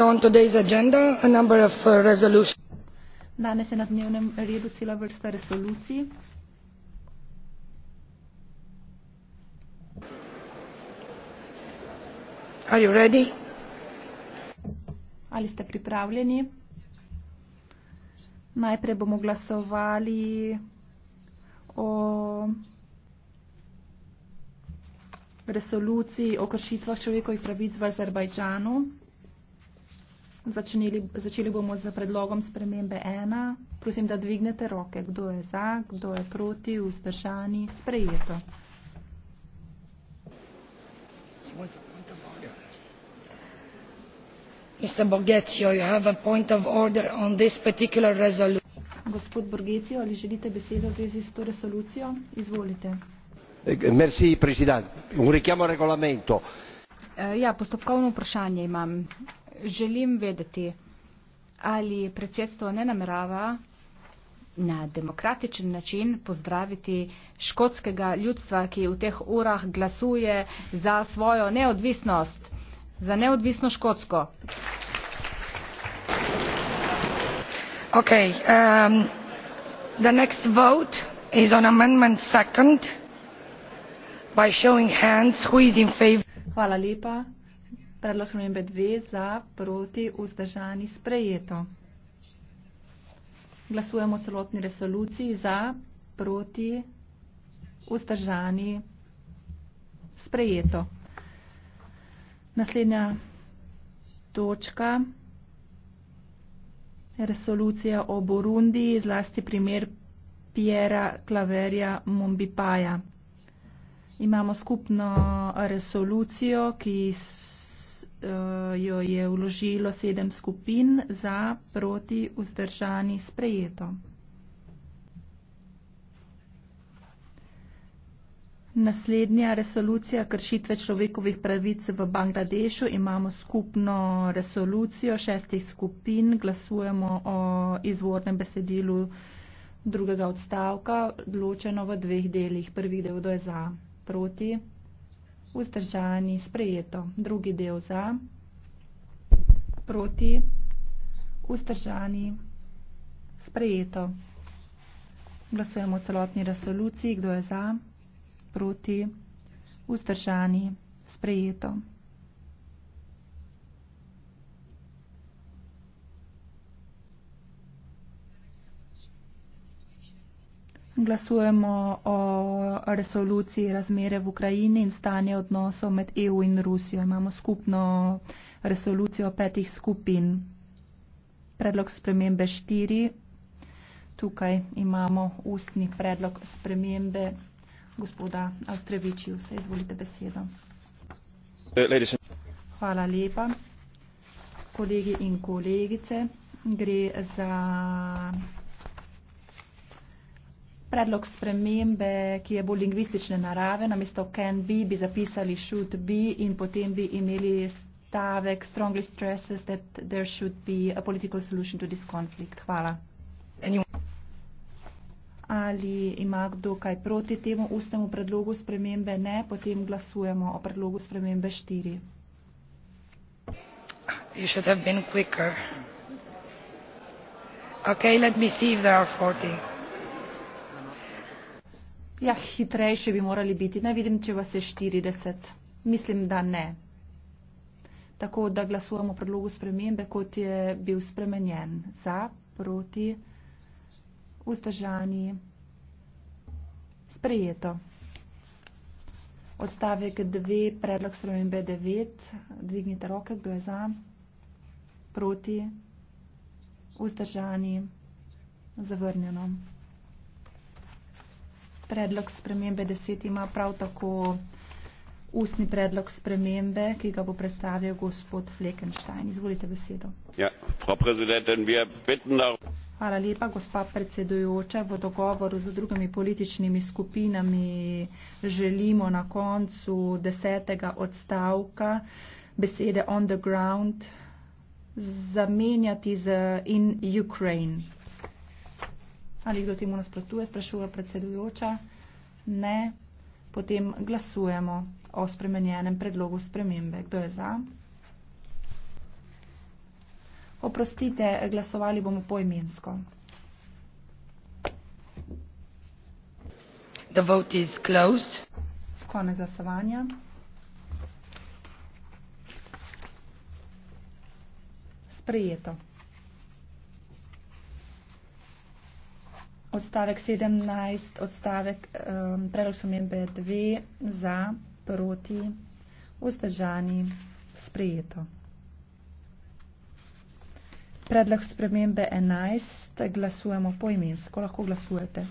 Uh, danes je na dnevnem redu cela vrsta resolucij ali ste pripravljeni najprej bomo glasovali o resoluciji o kršitvah človekovih pravic v azerbajdžanu Začnili, začeli bomo z predlogom spremembe ena. Prosim, da dvignete roke, kdo je za, kdo je proti, vzdržani, sprejeto. Gospod Borgecijo, ali želite besedo v zvezi s to resolucijo? Izvolite. Eh, merci, predsednik. Un richiamo regolamento. Eh, ja, postopkovno vprašanje imam. Želim vedeti, ali predsedstvo ne namerava na demokratičen način pozdraviti škotskega ljudstva, ki v teh urah glasuje za svojo neodvisnost, za neodvisno škotsko. Ok, um, the next vote is on amendment second by showing hands who is in favor. Hvala lepa. Predlog spremembe dve za, proti, vzdržani sprejeto. Glasujemo celotni resoluciji za, proti, vzdržani sprejeto. Naslednja točka resolucija o Burundiji, zlasti primer Pjera Klaverja Mombipaja imamo skupno resolucijo, ki eh, jo je vložilo sedem skupin za proti vzdržani sprejeto. Naslednja resolucija kršitve človekovih pravic v Bangladešu. Imamo skupno resolucijo šestih skupin. Glasujemo o izvornem besedilu drugega odstavka, ločeno v dveh delih. Prvi del je za proti, vzdržani, sprejeto. Drugi del za, proti, vzdržani, sprejeto. Glasujemo o celotni resoluciji. Kdo je za, proti, vzdržani, sprejeto. Glasujemo o resoluciji razmere v Ukrajini in stanje odnosov med EU in Rusijo. Imamo skupno resolucijo petih skupin. Predlog spremembe štiri. Tukaj imamo ustni predlog spremembe gospoda Avstrevičji. Vse izvolite besedo. Hvala lepa. Kolegi in kolegice, gre za Predlog spremembe, ki je bolj lingvistične narave, namesto can be, bi zapisali should be in potem bi imeli stavek strongly stresses that there should be a political solution to this conflict. Hvala. Anyone? Ali ima kdo kaj proti temu ustnemu predlogu spremembe? Ne, potem glasujemo o predlogu spremembe 4. You should have been quicker. Okay, let me see if there are 40. Ja, hitrejši bi morali biti. Ne vidim, če vas je 40. Mislim, da ne. Tako da glasujemo predlogu spremembe, kot je bil spremenjen. Za, proti, vzdržani, sprejeto. Odstavek 2, predlog spremembe 9. Dvignite roke, kdo je za, proti, vzdržani, zavrnjeno predlog spremembe deset ima prav tako ustni predlog spremembe, ki ga bo predstavil gospod Fleckenstein. Izvolite besedo. Ja, Hvala lepa, gospa predsedujoča. V dogovoru z drugimi političnimi skupinami želimo na koncu desetega odstavka besede on the ground zamenjati z in Ukraine. Ali kdo temu nasprotuje, sprašuje predsedujoča. Ne. Potem glasujemo o spremenjenem predlogu spremembe. Kdo je za? Oprostite, glasovali bomo poimensko. The vote is closed. Konec glasovanja. Sprejeto. odstavek 17, odstavek um, predlog somembe 2 za, proti, vzdržani, sprejeto. Predlog spremembe 11, glasujemo poimensko, lahko glasujete.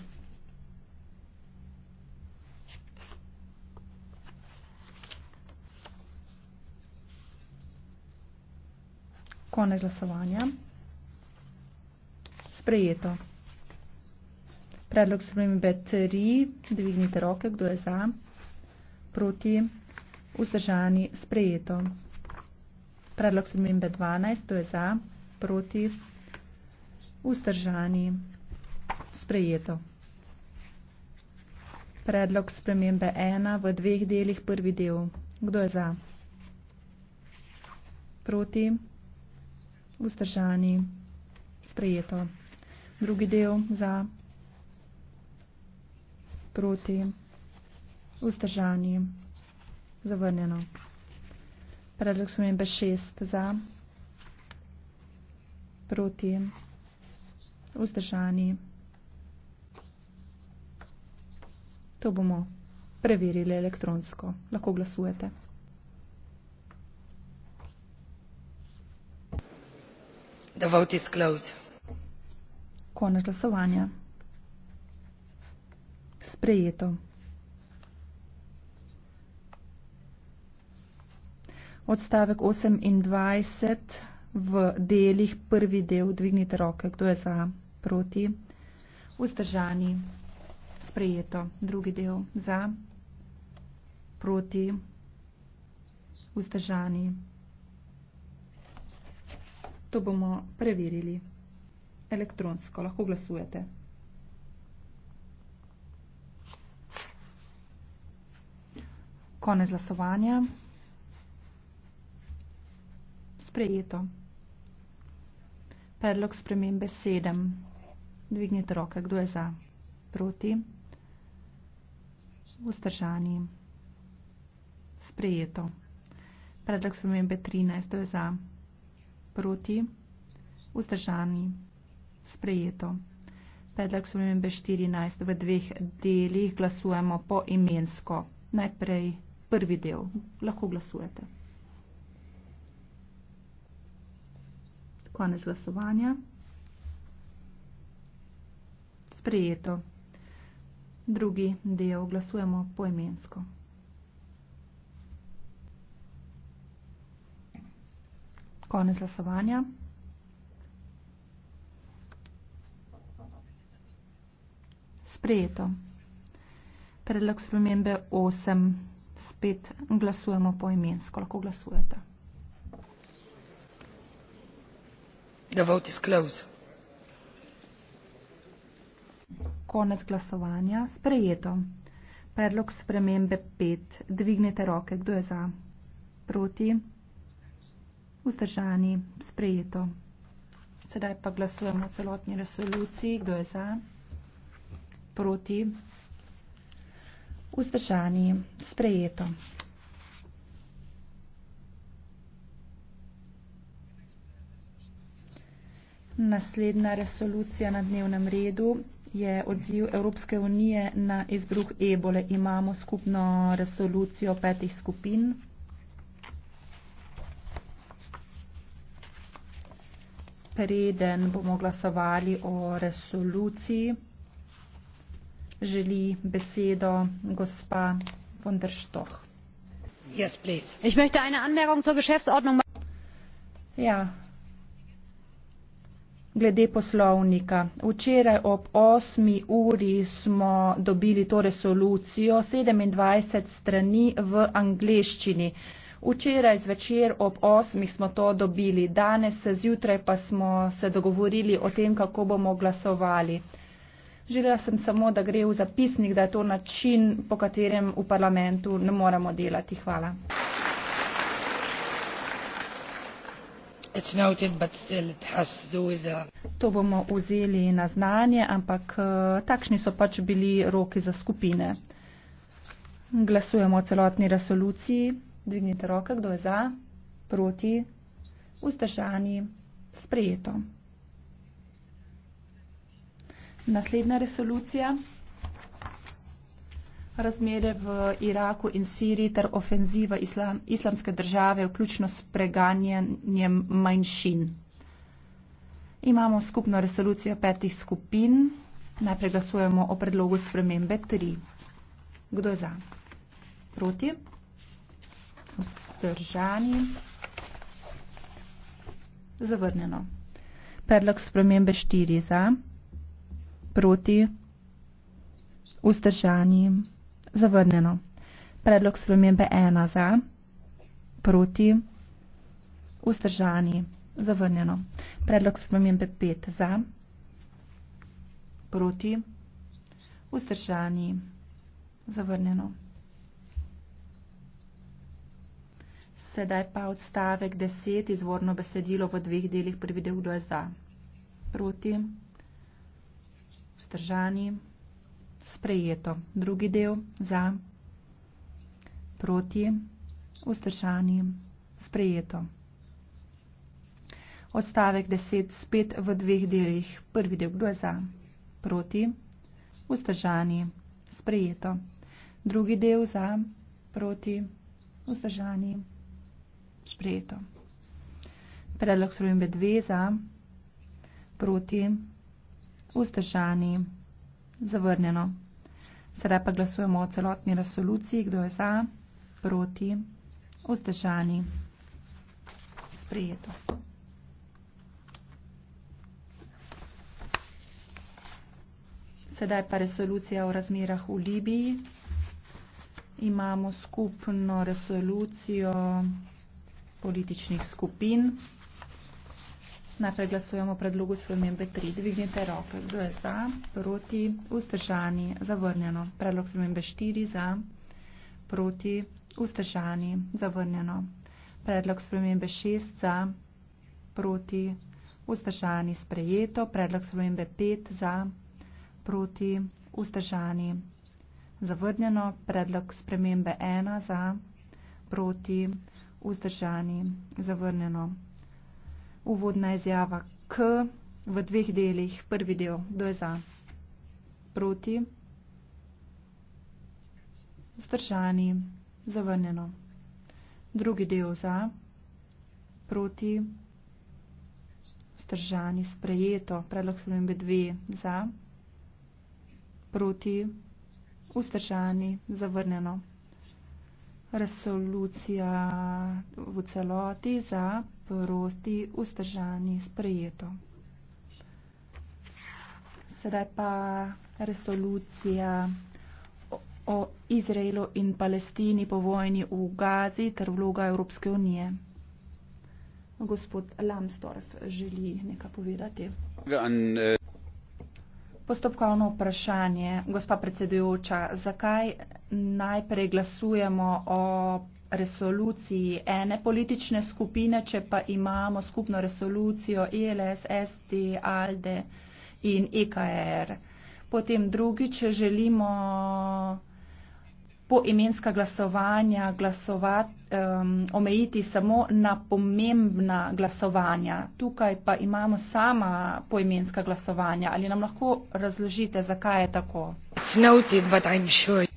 Konec glasovanja. Sprejeto. Predlog spremembe 3. Dvignite roke, kdo je za, proti, vzdržani, sprejeto. Predlog spremembe 12. Kdo je za, proti, vzdržani, sprejeto. Predlog spremembe 1 v dveh delih prvi del. Kdo je za? Proti, vzdržani, sprejeto. Drugi del za, proti, vzdržani, zavrnjeno. Predlog spremembe šest za, proti, vzdržani. To bomo preverili elektronsko. Lahko glasujete. The vote is closed. Konec glasovanja sprejeto. Odstavek 28 v delih, prvi del, dvignite roke, kdo je za, proti, vzdržani, sprejeto, drugi del, za, proti, vzdržani. To bomo preverili elektronsko, lahko glasujete. Konec glasovanja. Sprejeto. Predlog spremembe 7. Dvignite roke. Kdo je za? Proti? Vzdržani? Sprejeto. Predlog spremembe 13. Kdo je za? Proti? Vzdržani? Sprejeto. Predlog spremembe 14. V dveh delih glasujemo po imensko. Najprej prvi del. Lahko glasujete. Konec glasovanja. Sprejeto. Drugi del glasujemo poimensko. Konec glasovanja. Sprejeto. Predlog spremembe 8 spet glasujemo po imensko. Lahko glasujete. The vote is closed. Konec glasovanja. Sprejeto. Predlog spremembe 5. Dvignete roke. Kdo je za? Proti? Vzdržani? Sprejeto. Sedaj pa glasujemo o celotni resoluciji. Kdo je za? Proti? vzdržani, sprejeto. Naslednja resolucija na dnevnem redu je odziv Evropske unije na izbruh ebole. Imamo skupno resolucijo petih skupin. Preden bomo glasovali o resoluciji, želi besedo gospa von der Stoch. Yes, please. Ich möchte eine Anmerkung zur Geschäftsordnung machen. Ja. Glede poslovnika. Včeraj ob 8. uri smo dobili to resolucijo 27 strani v angleščini. Včeraj zvečer ob 8. smo to dobili, danes zjutraj pa smo se dogovorili o tem, kako bomo glasovali. Želela sem samo, da gre v zapisnik, da je to način, po katerem v parlamentu ne moramo delati. Hvala. Noted, uh, to bomo vzeli na znanje, ampak uh, takšni so pač bili roki za skupine. Glasujemo o celotni resoluciji. Dvignite roke, kdo je za, proti, vzdržani, sprejeto. Naslednja resolucija. Razmere v Iraku in Siriji ter ofenziva islam, islamske države, vključno s preganjanjem manjšin. Imamo skupno resolucijo petih skupin. Najprej glasujemo o predlogu spremembe 3. Kdo je za? Proti? Vzdržani? Zavrnjeno. Predlog spremembe 4 za? proti, vzdržani, zavrnjeno. Predlog spremembe ena za, proti, vzdržani, zavrnjeno. Predlog spremembe pet za, proti, vzdržani, zavrnjeno. Sedaj pa odstavek 10, izvorno besedilo v dveh delih, prvi del, kdo je za. Proti, vzdržani, sprejeto. Drugi del za, proti, vzdržani, sprejeto. Ostavek 10 spet v dveh delih. Prvi del, kdo je za, proti, vzdržani, sprejeto. Drugi del za, proti, vzdržani, sprejeto. Predlog srujembe 2 za, proti, vzdržani, sprejeto. Vzdržani. Zavrnjeno. Sedaj pa glasujemo o celotni resoluciji. Kdo je za? Proti. Vzdržani. Sprijeto. Sedaj pa resolucija o razmerah v Libiji. Imamo skupno resolucijo političnih skupin. Najprej glasujemo o predlogu spremembe 3. Dvignite roke. Kdo je za? Proti? Ustržani? Zavrnjeno. Predlog spremembe 4. Za? Proti? Ustržani? Zavrnjeno. Predlog spremembe 6. Za? Proti? Ustržani? Sprejeto. Predlog spremembe 5. Za? Proti? Ustržani? Zavrnjeno. Predlog spremembe 1. Za? Proti? Ustržani? Zavrnjeno uvodna izjava K v dveh delih. Prvi del, kdo je za? Proti? Zdržani? Zavrnjeno. Drugi del za? Proti? Zdržani? Sprejeto? Predlog spremembe dve za? Proti? Vzdržani? Zavrnjeno resolucija v celoti za prosti vzdržani sprejeto. Sedaj pa resolucija o Izraelu in Palestini po vojni v Gazi ter vloga Evropske unije. Gospod Lamstorf želi nekaj povedati. Postopkovno vprašanje, gospa predsedujoča, zakaj najprej glasujemo o resoluciji ene politične skupine, če pa imamo skupno resolucijo ILS, e ST, ALDE in EKR. Potem drugi, če želimo po imenska glasovanja glasovati, um, omejiti samo na pomembna glasovanja. Tukaj pa imamo sama po imenska glasovanja. Ali nam lahko razložite, zakaj je tako? Noted, sure.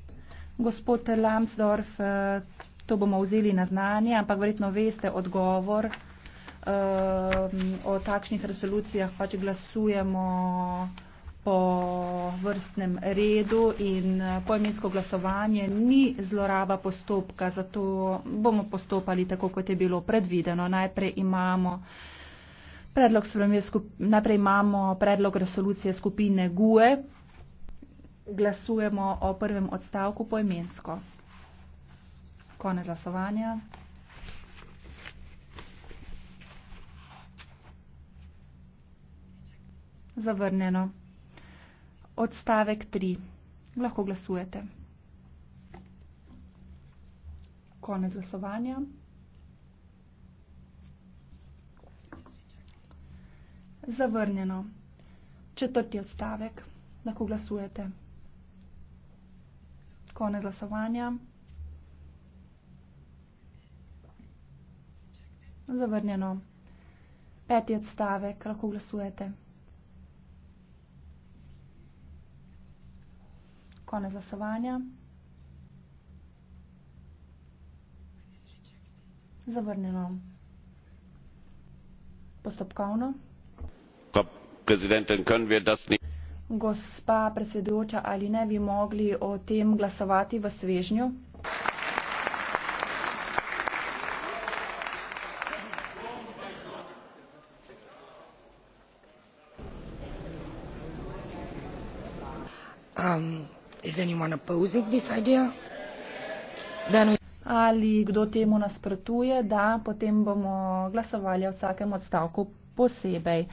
Gospod Lambsdorff, eh, to bomo vzeli na znanje, ampak verjetno veste odgovor eh, o takšnih resolucijah, pač glasujemo po vrstnem redu in eh, poimensko glasovanje ni zloraba postopka, zato bomo postopali tako, kot je bilo predvideno. Najprej imamo predlog, najprej imamo predlog resolucije skupine GUE, glasujemo o prvem odstavku poimensko. Konec glasovanja. Zavrnjeno. Odstavek 3. Lahko glasujete. Konec glasovanja. Zavrnjeno. Četrti odstavek. Lahko glasujete. Konec glasovanja. Zavrnjeno. Peti odstavek, lahko glasujete. Konec glasovanja. Zavrnjeno. Postopkovno. Pa, predsednik, lahko to ni gospa predsedujoča, ali ne bi mogli o tem glasovati v svežnju? Um, ali kdo temu nasprotuje, da potem bomo glasovali o vsakem odstavku posebej.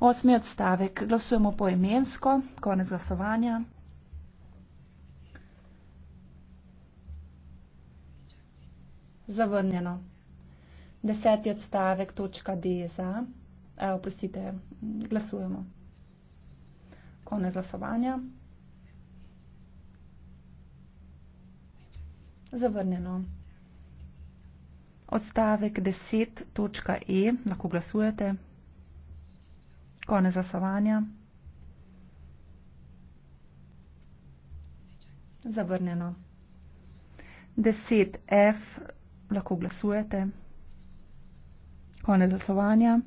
Osmi odstavek. Glasujemo poemensko. Konec glasovanja. Zavrnjeno. Deseti odstavek, točka D za. Evo, prosite, glasujemo. Konec glasovanja. Zavrnjeno. Odstavek 10, točka E, lahko glasujete. Konec glasovanja. Zavrnjeno. 10F, lahko glasujete. Konec glasovanja.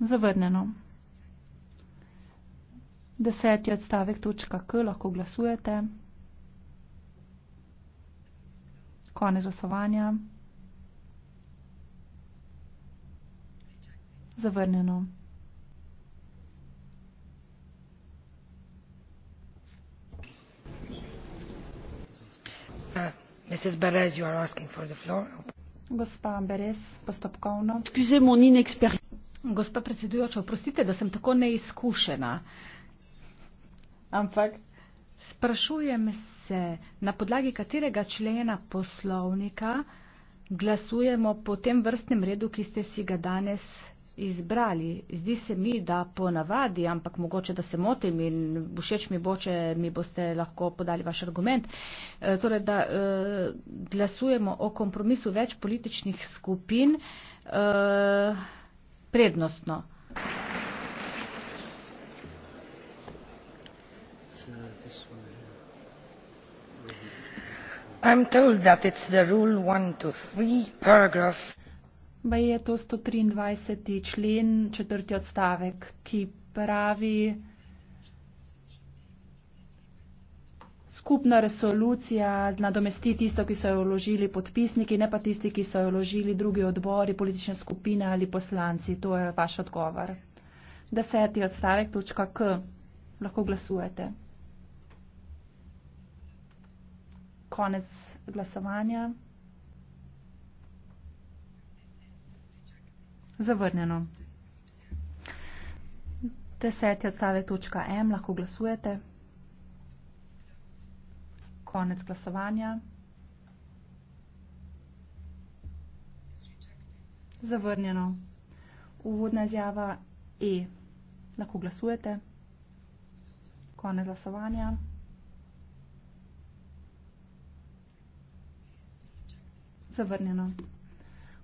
Zavrnjeno. 10 je odstavek točka K, lahko glasujete. Konec glasovanja. zavrnjeno. Uh, Mrs. Beres, you are asking for the floor. Gospa Beres, postopkovno. Gospa predsedujoča, oprostite, da sem tako neizkušena, ampak sprašujem se, na podlagi katerega člena poslovnika glasujemo po tem vrstnem redu, ki ste si ga danes izbrali. Zdi se mi, da po navadi, ampak mogoče, da se motim in všeč mi bo, če mi boste lahko podali vaš argument, e, torej, da e, glasujemo o kompromisu več političnih skupin e, prednostno. I'm told that it's the rule 1 to 3 paragraph Pa je to 123. člen, četrti odstavek, ki pravi, skupna resolucija nadomesti tisto, ki so jo vložili podpisniki, ne pa tisti, ki so jo vložili drugi odbori, politične skupine ali poslanci. To je vaš odgovor. Deseti odstavek, točka K. Lahko glasujete. Konec glasovanja. Zavrnjeno. Deseti odstavek točka M lahko glasujete. Konec glasovanja. Zavrnjeno. Uvodna izjava E. Lahko glasujete. Konec glasovanja. Zavrnjeno.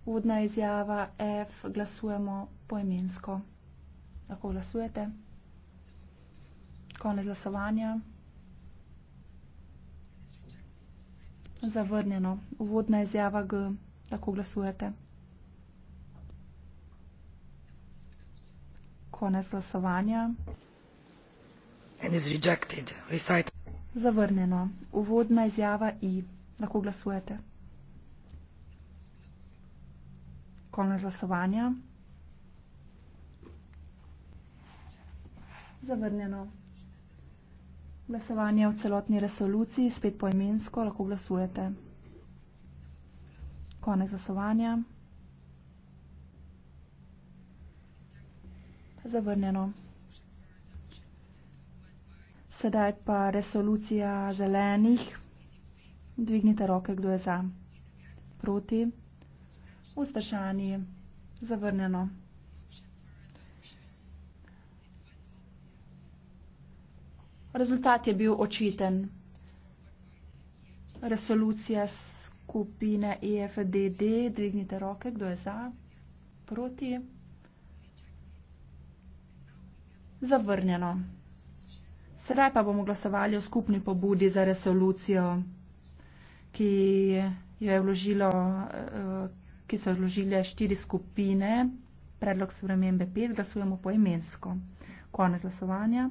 Vodna izjava F, glasujemo poimensko. Lahko glasujete. Konec glasovanja. Zavrnjeno. Vodna izjava G, lahko glasujete. Konec glasovanja. Zavrnjeno. Uvodna izjava I. Lahko glasujete. konec glasovanja. Zavrnjeno. Glasovanje v celotni resoluciji, spet poimensko, lahko glasujete. Konec glasovanja. Zavrnjeno. Sedaj pa resolucija zelenih. Dvignite roke, kdo je za. Proti vzdržani, zavrnjeno. Rezultat je bil očiten. Resolucija skupine EFDD, dvignite roke, kdo je za, proti, zavrnjeno. Sedaj pa bomo glasovali o skupni pobudi za resolucijo, ki jo je vložilo eh, ki so vložile štiri skupine, predlog spremembe pet, glasujemo poimensko. Konec glasovanja.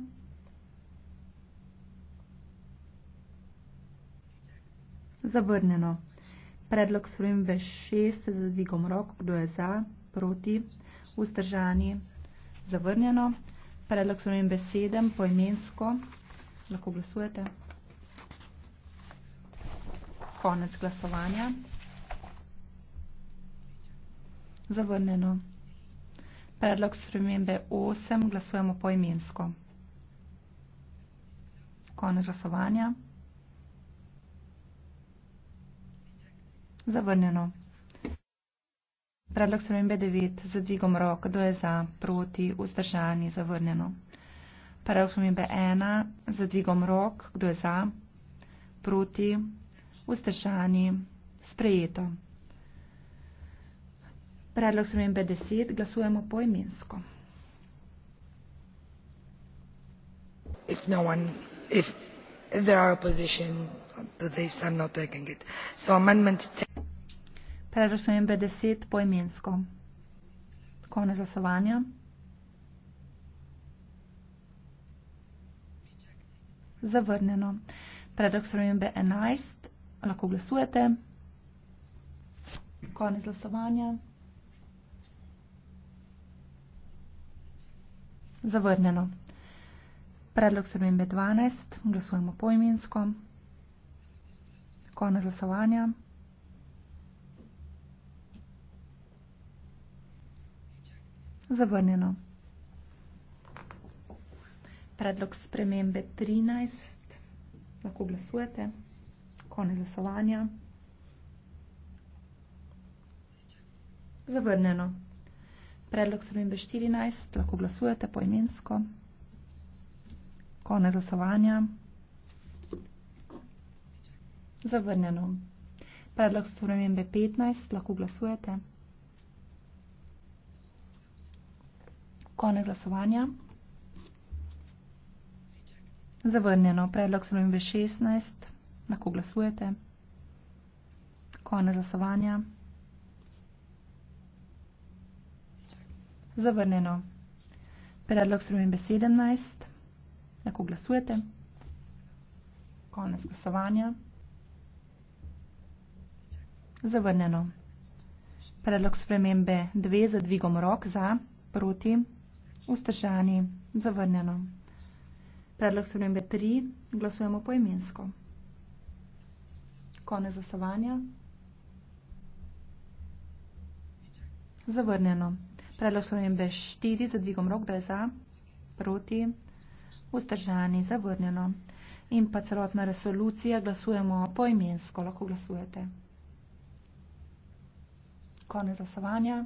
Zavrnjeno. Predlog spremembe šest za dvigom rok, kdo je za, proti, vzdržani. Zavrnjeno. Predlog spremembe sedem poimensko, lahko glasujete. Konec glasovanja. Zavrnjeno. Predlog spremembe 8 glasujemo poimensko. Konec glasovanja. Zavrnjeno. Predlog spremembe 9 z dvigom rok, kdo je za, proti, vzdržani, zavrnjeno. Predlog spremembe 1 z dvigom rok, kdo je za, proti, vzdržani, sprejeto. Predlog spremembe 10 glasujemo poimensko. No Predlog spremembe 10 poimensko. Konec glasovanja. Zavrnjeno. Predlog spremembe 11 lahko glasujete. Konec glasovanja. Zavrnjeno. Predlog spremembe 12. Glasujemo poimensko. Konec glasovanja. Zavrnjeno. Predlog spremembe 13. Lahko glasujete. Konec glasovanja. Zavrnjeno predlog spremembe 14, lahko glasujete poimensko. Konec glasovanja. Zavrnjeno. Predlog spremembe 15, lahko glasujete. Konec glasovanja. Zavrnjeno. Predlog spremembe 16, lahko glasujete. Konec glasovanja. Zavrnjeno. Predlog spremembe 17. Lahko glasujete. Konec glasovanja. Zavrnjeno. Predlog spremembe 2 za dvigom rok za, proti, ustržani. Zavrnjeno. Predlog spremembe 3. Glasujemo poimensko. Konec glasovanja. Zavrnjeno. Predlog slovenbe 4 za dvigom rok, da je za, proti, vzdržani, zavrnjeno. In pa celotna resolucija glasujemo poimensko, lahko glasujete. Konec glasovanja.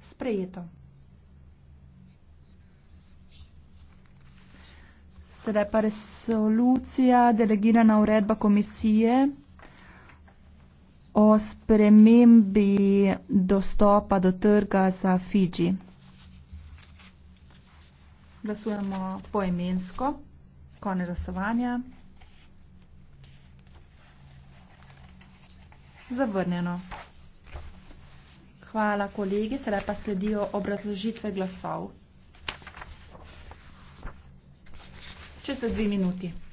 Sprejeto. Sedaj pa resolucija, delegirana uredba komisije o spremembi dostopa do trga za Fiji. Glasujemo poimensko. Kone glasovanja. Zavrnjeno. Hvala, kolegi. Sedaj pa sledijo obrazložitve glasov. Če se dve minuti.